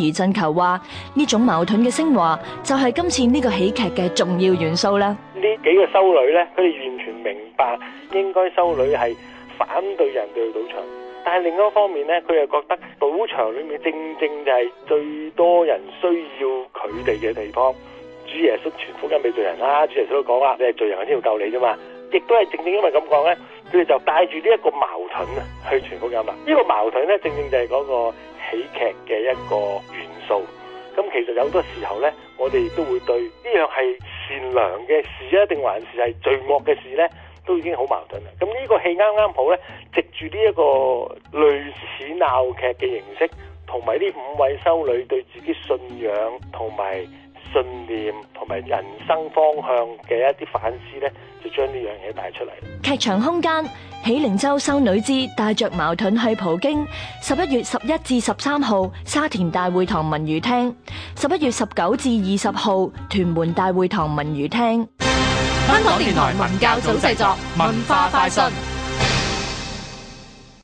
余振球話：呢種矛盾嘅昇華，就係、是、今次呢個喜劇嘅重要元素啦。呢幾個修女咧，佢哋完全明白應該修女係反對人哋去賭場，但係另一方面咧，佢又覺得賭場裏面正正就係最多人需要佢哋嘅地方。主耶穌全福音未罪人啦，主耶穌都講啦，你係罪人我先要救你啫嘛。亦都係正正因為咁講咧，佢哋就帶住呢一個矛盾啊去傳福音啦。呢、這個矛盾咧，正正，正就係嗰、那個。喜劇嘅一個元素，咁其實有好多時候呢，我哋都會對呢樣係善良嘅事啊，定還是係罪惡嘅事呢，都已經好矛盾啦。咁呢個戲啱啱好呢，藉住呢一個類似鬧劇嘅形式，同埋呢五位修女對自己信仰，同埋。信念同埋人生方向嘅一啲反思咧，就將呢樣嘢帶出嚟，劇場空間喜靈洲修女子，帶着矛盾去普京。十一月十一至十三號，沙田大會堂文娛廳；十一月十九至二十號，屯門大會堂文娛廳。香港電台文教組製作文化快訊。